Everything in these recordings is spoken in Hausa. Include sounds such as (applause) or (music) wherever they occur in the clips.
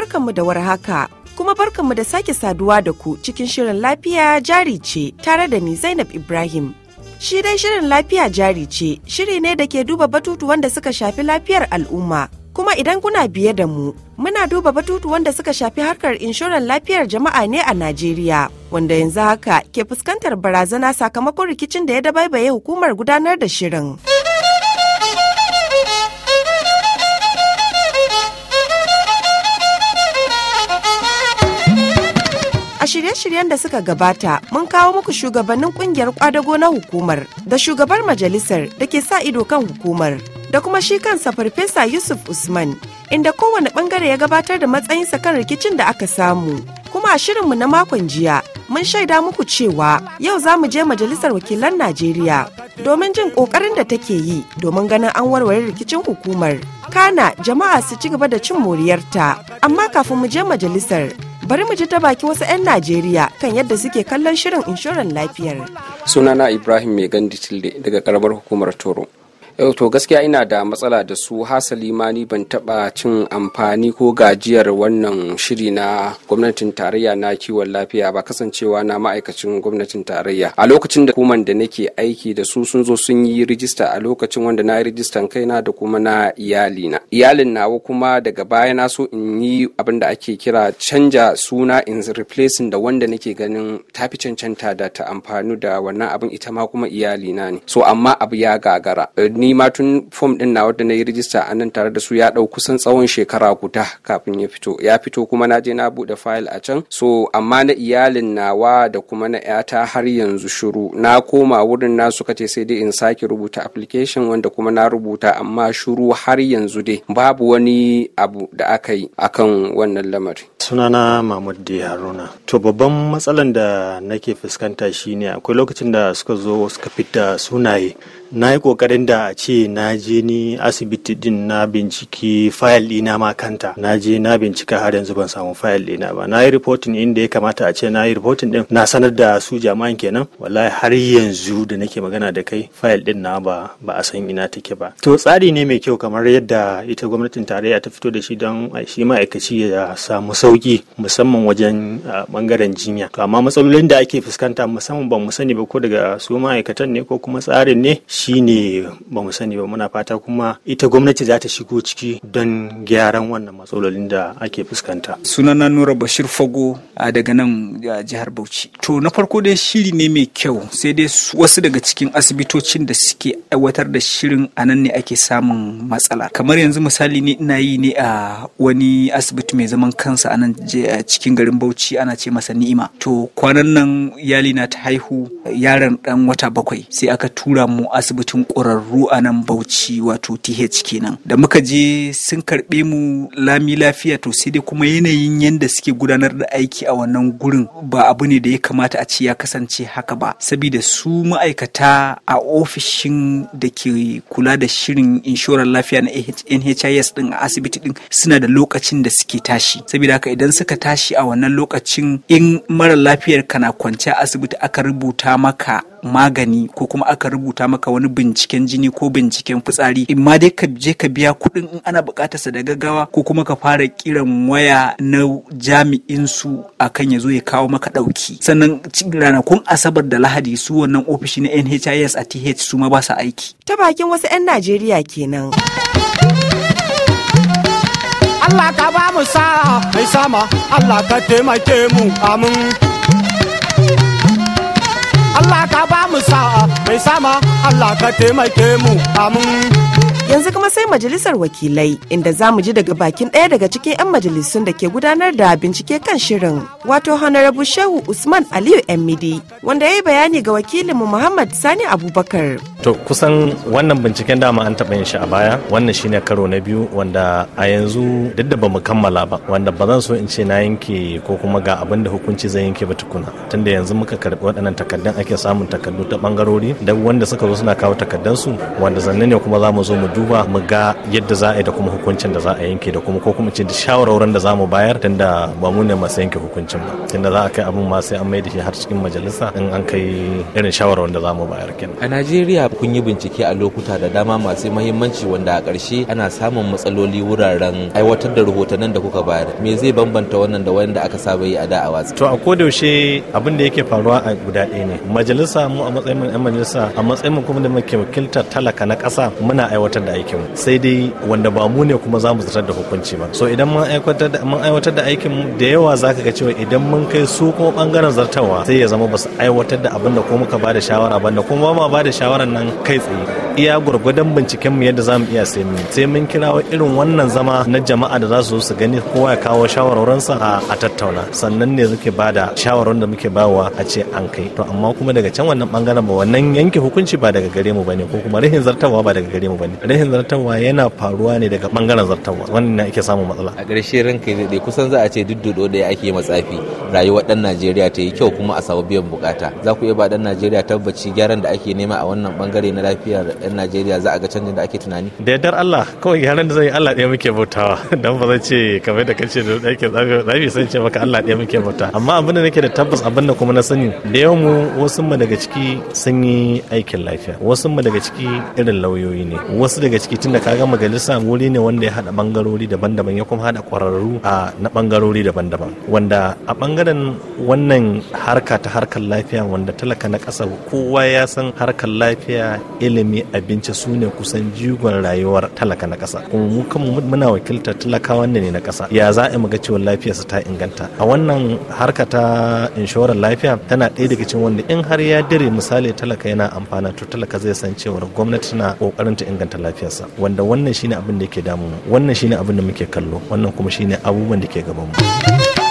barkanmu da warhaka kuma barkanmu da sake saduwa da ku cikin shirin lafiya jari ce tare da ni Zainab Ibrahim. Shi dai shirin lafiya jari ce shiri ne da ke duba batutuwan da suka shafi lafiyar al'umma. Kuma idan kuna biye da mu, muna duba batutuwan da suka shafi harkar inshorar lafiyar jama'a ne a Najeriya, wanda yanzu haka ke fuskantar barazana sakamakon rikicin da ya dabaibaye hukumar gudanar da shirin. shirye-shiryen da suka gabata mun kawo muku shugabannin kungiyar kwadago na hukumar da shugabar majalisar da ke sa ido kan hukumar da kuma shi kansa farfesa Yusuf Usman inda kowane bangare ya gabatar da matsayinsa kan rikicin da aka samu. Kuma a shirinmu na makon jiya mun shaida muku cewa yau za mu je majalisar wakilan Najeriya domin jin kokarin da take yi domin ganin an warware rikicin hukumar. Kana jama'a su ci gaba da cin moriyarta amma kafin mu je majalisar bari mu ji ta baki wasu 'yan najeriya kan yadda suke kallon shirin inshoran lafiyar sunana ibrahim mai gandi tilde daga karamar hukumar toro Eh, to gaskiya ina da matsala da su hasali ma ni ban taba cin amfani ko gajiyar wannan shiri na gwamnatin tarayya na kiwon lafiya ba kasancewa na ma'aikacin gwamnatin tarayya a lokacin da kuma da nake aiki da su sun zo sun yi rijista a lokacin wanda na yi rijistan kaina da kuma na iyalina iyalin nawa kuma daga baya na so in yi abin da ake kira canja suna in replacing da wanda nake ganin tafi cancanta da ta amfani da wannan abin ita ma kuma iyalina ne so amma abu ya gagara eh, ni ma tun fom din na wadda na yi rijista a nan tare da su ya ɗau kusan tsawon shekara guda kafin ya fito ya fito kuma na je na buɗe fayil a can so amma na iyalin nawa da kuma na yata har yanzu shuru na koma wurin na suka ce sai dai in sake rubuta application wanda kuma na rubuta amma shuru har yanzu dai babu wani abu da aka yi akan wannan lamari sunana mahmud haruna to babban matsalan da nake fuskanta shine akwai lokacin da suka zo suka fita sunaye na yi kokarin da a ce na je ni asibiti din na binciki fayil ɗina ma kanta na je na bincika har yanzu ban samu fayil ɗina ba na yi reporting inda ya kamata a ce na yi reporting din na sanar da su jama'an kenan wallahi har yanzu da nake magana da kai fayil ɗin na ba ba a san ina take ba to tsari ne mai kyau kamar yadda ita gwamnatin tarayya ta fito da shi don shi ma'aikaci ya samu sauki sauki musamman wajen bangaren jinya to amma matsalolin da ake fuskanta musamman ba mu sani ba ko daga su ma'aikatan ne ko kuma tsarin ne shine ba mu sani ba muna fata kuma ita gwamnati za ta shigo ciki don gyaran wannan matsalolin da ake fuskanta sunana nura bashir fago daga nan jihar bauchi to na farko dai shiri ne mai kyau sai dai wasu daga cikin asibitocin da suke aiwatar da shirin a nan ne ake samun matsala kamar yanzu misali ne ina yi ne a wani asibiti mai zaman kansa a nan nan a cikin garin Bauchi ana ce masa Ni'ima to kwanan nan iyali na ta haihu yaron dan wata bakwai sai aka tura mu asibitin ƙwararru a nan Bauchi wato TH kenan da muka je sun karɓe mu lami lafiya to sai dai kuma yanayin yadda suke gudanar da aiki a wannan gurin ba abu ne da ya kamata a ce ya kasance haka ba sabida su ma'aikata a ofishin da ke kula da shirin inshorar lafiya na NHIS ɗin a asibiti ɗin, suna da lokacin da suke tashi saboda haka idan suka tashi a wannan lokacin in mara lafiyar kana na a asibiti aka rubuta maka magani ko kuma aka rubuta maka wani binciken jini ko binciken fitsari in dai ka je ka biya kuɗin in ana buƙatarsa da gaggawa ko kuma ka fara kiran waya na jami'in su akan ya zo ya kawo maka ɗauki sannan ranakun asabar da lahadi su wannan ofishi na NHIS a TH su ma ba su aiki ta bakin wasu 'yan Najeriya kenan Allah ka ba mu sa'a mai sama Allah ka taimake mu amin Allah ka ba mu sa mai sama Allah ka taimake mu amin Yanzu kuma sai majalisar wakilai inda za mu ji daga bakin ɗaya daga cikin 'yan majalisun da ke gudanar da bincike kan shirin wato Honorable Shehu Usman Aliyu md wanda ya yi bayani ga wakilinmu Muhammad Sani Abubakar. To kusan wannan binciken dama an taɓa yin shi a baya wannan shine karo na biyu wanda a yanzu duk da bamu kammala ba wanda ba zan so in ce na yanke ko kuma ga abin da hukunci zai yanke ba tukuna tunda yanzu muka karɓi waɗannan takardun ake samun takardu ta bangarori da wanda suka zo suna kawo takardun su wanda zanne ne kuma za mu zo mu duba mu ga yadda za a yi da kuma hukuncin da za a yanke da kuma ko kuma ce da shawarwarin da za mu bayar da ba mu ne masu yanke hukuncin ba tunda za a kai abin ma sai an mai da shi har cikin majalisa in an kai irin shawarwarin da za mu bayar kenan a Najeriya kun yi bincike a lokuta da dama masu muhimmanci wanda a ƙarshe ana samun matsaloli wuraren aiwatar da rahotannin da kuka bayar me zai bambanta wannan da wanda aka saba yi a da a watsi to a ko yaushe abin da yake faruwa a guda ɗaya ne majalisa mu a matsayin mu 'yan majalisa a matsayin mu kuma da muke wakiltar talaka na ƙasa muna aiwatar da da aikin sai dai wanda ba mu ne kuma za mu zartar da hukunci ba so idan mun aiwatar da aikin da yawa zaka ga cewa idan mun kai su kuma bangaren zartawa sai ya zama ba su aiwatar da abin da ko muka ba da shawara ba da kuma ba ma ba da shawaran nan kai tsaye iya gwargwadon binciken mu yadda zamu iya sai mun sai mun kirawo irin wannan zama na jama'a da za su su gani kowa ya kawo shawarwaransa a tattauna sannan ne suke bada shawarwarin da muke bawa a ce an kai to amma kuma daga can wannan bangaren ba wannan yanke hukunci ba daga gare mu bane ko kuma rahin zartawa ba daga gare mu bane rahin zartawa yana faruwa ne daga bangaren zartawa wannan ne ake samun matsala a ƙarshe ranka dai kusan za a ce duddudo da ake matsafi rayuwar dan Najeriya ta yi kyau kuma a sababiyan biyan bukata za ku iya ba dan Najeriya tabbaci gyaran da ake nema a wannan bangare na lafiyar 'yan najeriya za a ga canjin da ake tunani da yardar allah kawai yaran da zai yi allah ɗaya muke bautawa (laughs) don ba zai ce kamar da kace da ɗaya ke zafi san ce maka allah ɗaya muke bauta amma abin da nake da tabbas abin da kuma na sani da yawan mu wasu mu daga ciki sun yi aikin lafiya wasu mu daga ciki irin lauyoyi ne wasu daga ciki tun tunda kaga majalisa wuri ne wanda ya haɗa bangarori daban-daban ya kuma haɗa ƙwararru a na bangarori daban-daban wanda a bangaren wannan harka ta harkar lafiya wanda talaka na ƙasa kowa ya san harkar lafiya ilimi abinci su ne kusan jigon rayuwar talaka na ƙasa kuma mu kan muna wakiltar talakawan ne na ƙasa ya za a ga cewa lafiyarsa ta inganta a wannan harka ta inshorar lafiya tana ɗaya daga cikin wanda in har ya dire misali talaka yana amfana to talaka zai san cewa gwamnati na kokarin ta inganta lafiyarsa wanda wannan shine abin da yake damu wannan shine abin da muke kallo wannan kuma shine abubuwan da ke gaban mu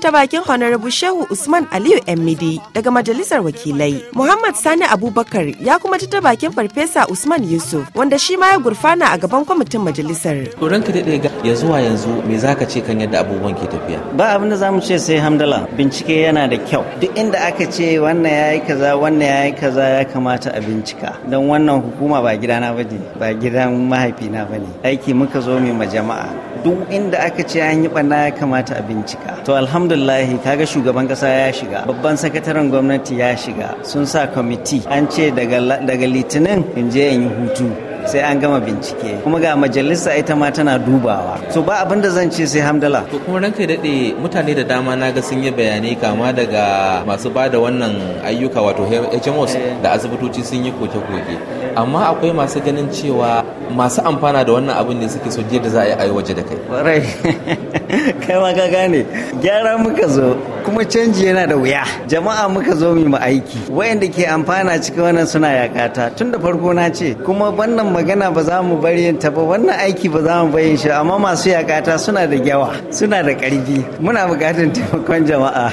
ta bakin Honorable Shehu Usman Aliyu Emmidi daga Majalisar Wakilai. Muhammad Sani Abubakar ya kuma ta bakin Farfesa Usman Yusuf wanda shi ma ya gurfana a gaban kwamitin majalisar. Tsoron ka daɗe ya zuwa yanzu me za ka ce kan yadda abubuwan ke tafiya? Ba abin da za mu ce sai hamdala bincike yana da kyau. Duk inda aka ce wannan ya yi kaza wannan ya yi kaza ya kamata a bincika. Don wannan hukuma ba gidana ba ne ba gidan mahaifina ba ne. Aiki muka zo mai ma jama'a. Duk inda aka ce an yi ɓanna ya kamata a bincika. To alhamdulillah alhamdulillah kaga shugaban kasa ya shiga babban sakataren gwamnati ya shiga sun sa kwamiti an ce daga litinin in je in yi hutu sai an gama bincike kuma ga majalisa ita ma tana dubawa so ba abin da zan ce sai hamdala to kuma ranka daɗe mutane da dama na ga sun yi bayanai kama daga masu ba da wannan ayyuka wato HMOs eh. da asibitoci sun yi koke-koke amma akwai masu ganin cewa masu amfana da wannan abin ne suke so da za a yi waje da kai (laughs) (laughs) kai ma ka gane gyara muka zo kuma canji yana da wuya jama'a muka zo mu aiki wayanda ke amfana cikin wannan suna yakata tun da farko na ce kuma wannan magana ba za mu bari yin ta ba wannan aiki ba za mu bari shi amma masu yakata suna da gyawa suna da karfi muna bukatar (laughs) taimakon jama'a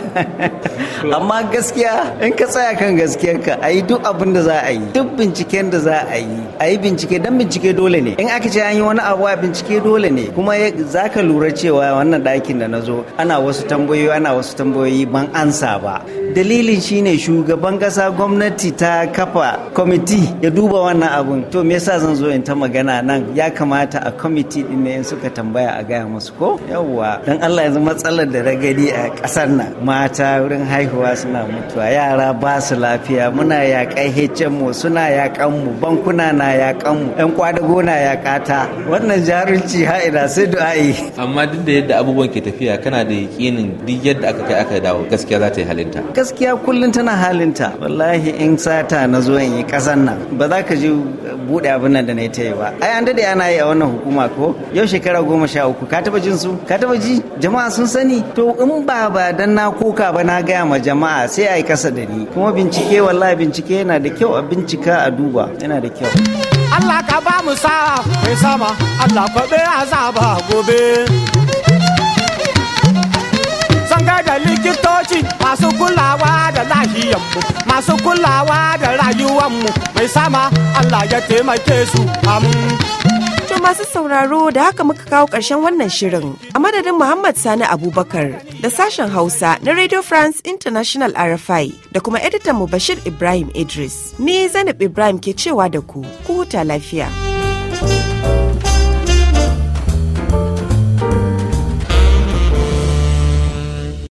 (laughs) amma gaskiya in ka tsaya kan gaskiyarka a yi duk abin da za a yi duk binciken da za a yi a yi bincike dan bincike dole ne in aka ce an yi wani abu a bincike dole ne kuma za ka lura cewa wannan ɗakin da na zo ana wasu tambayoyi ana wasu tambayoyi ban ansa ba dalilin shine shugaban ƙasa gwamnati ta kafa kwamiti ya duba wannan abun to me yasa zan zo in ta magana nan ya kamata a kwamiti din ne suka tambaya a gaya musu ko yawwa dan Allah yanzu matsalar da ragadi a kasar nan mata wurin haihuwa suna mutuwa yara ba su lafiya muna yaƙan hecen mu suna yaƙan mu bankuna na yaƙan mu yan kwadago na yaƙata wannan jarunci ha'ina sai du'a'i amma duk da yadda abubuwan ke tafiya kana da yakinin duk yadda aka kai aka dawo gaskiya za ta yi halinta gaskiya kullum tana halinta wallahi in sata na zo yi kasan nan ba za ka ji bude abin nan da na ta yi ba ai an dade ana yi a wannan hukuma ko yau shekara goma sha uku ka taba jin su ka taba ji jama'a sun sani to in ba ba dan na koka ba na gaya ma jama'a sai a yi kasa da ni kuma bincike wallahi bincike yana da kyau a bincika a duba yana da kyau Allah ka ba mu sa mai sama Allah ba azaba gobe mun da likitoci masu kulawa da lahiyanmu masu kulawa da mu, mai sama Allah ya taimake su amin. To masu sauraro da haka muka kawo ƙarshen wannan shirin a madadin Muhammad Sani Abubakar da sashen Hausa na Radio France International RFI da kuma editanmu Bashir Ibrahim Idris. Ni Zainab Ibrahim ke cewa da ku, ku huta lafiya.